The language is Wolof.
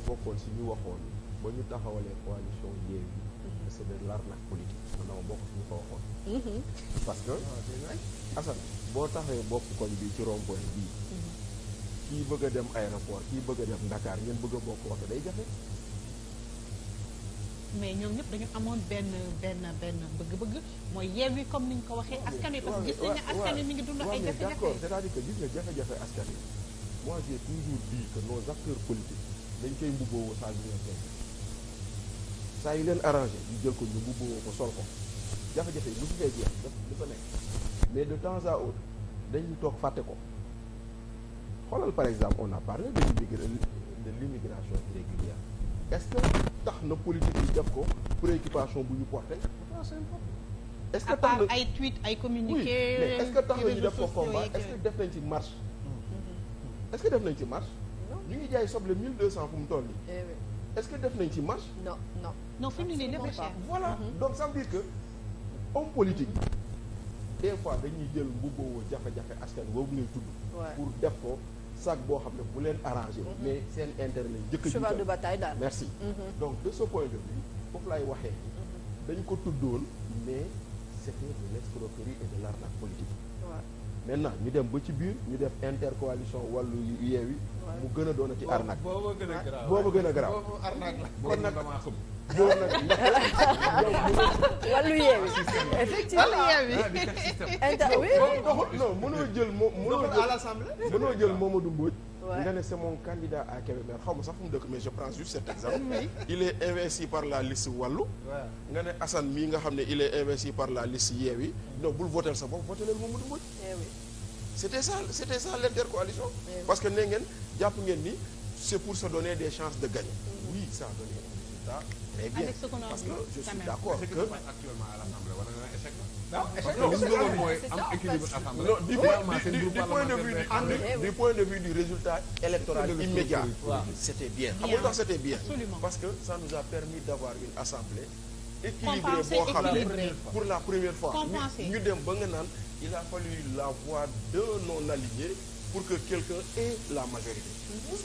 dafa bokkoon si ñu waxoon ba ñu taxawalee coalition Yewwi mhm. c'est de l'arnaque politique man dama bokk si ñu ko waxoon mhm. parce que ah, Assane boo taxee bopp koñ bi ci rond-point bii mhm. kii bëgg a dem aéroport kii bëgg a dem ndakaar ngeen bëgg a bokk oto day jafe mais ñoom ñëpp dañu amoon benn benn benn bëgg-bëgg mooy Yewwi comme ni ñu ko waxee askan wi parce gis nañ ne askan wi mi ngi dund ay jafe-jafe d'accord c'est-à-dire que gis moi j'ai toujours dit que nos acteurs politiques dañ koy mbubboo saa yu leen tey saa yu leen arrangé ñu jël ko ñu mbubboo ko sol ko jafe-jafe yi bu su fee jeex dafa nekk mais de temps à autre dañuy toog fàtte ko xoolal par exemple on a parlé de de l'immigration irrégulière est-ce que tax na politique yi def ko préoccupation bu ñu porté est-ce que tax na ay tweet ay communiqué oui mais que tax na ñu def ko combat est que def nañ ci marche est-ce que def nañ ci marche. ñu ngi jaay soble 1200 fu mu toll nii. Eh est-ce que def nañ ci marche. non non non fi voilà mm-hmm. donc ça veut dire que homme politique des fois dañuy jël mbubboo jafe-jafe askan boobu lay tudd. pour def ko sac boo xam ne bu leen arrangé. Mm-hmm. mais seen intérêt lañ njëkk a cheval de bataille daal merci. Mm-hmm. donc de ce point de foofu laay waxee. dañ ko tuddoon mais c'était de l'escroquerie et de politique. maintenant ñu dem ba ci biir ñu def intercoalition wàllu yeewi mu gën a doona ci arnaque booba ah, gën a garaaw booba gën a garaaw arnaque la kon nag damaa xam boobu nag wàllu yeewi effectivement yeewi ah, inter oui non mënoo jël moom mënoo jël mënoo jël Mamadou Mbodj nga ne c'est mon candidat à Kébémer xaw ma sax fu mu dëkk mais je prends juste cet exemple il est investi par la liste wàllu nga ne Assane mii nga xam ne il est investi par la liste Yewwi donc bul votel sa bopp voteleel Mamadou Mbodj eh c'était ça c'était ça l'intercoalition eh parce que ne ngeen jàpp ngeen ni c'est pour se donner des chances de gagner mm-hmm. oui ça a donné des parce que je suis d'accord que actuellement à waaw échec li ñu bëggoon mooy am équilibre du point de vue du résultat électoral immédiat. c'était bien xam nga tax c'était bien. parce que ça nous a permis d'avoir une assemblée. équilibrée boo xam ne pour la première fois. ñu dem ba nga naan il a fallu la voix de non-alignés pour que quelqu'un ait la majorité.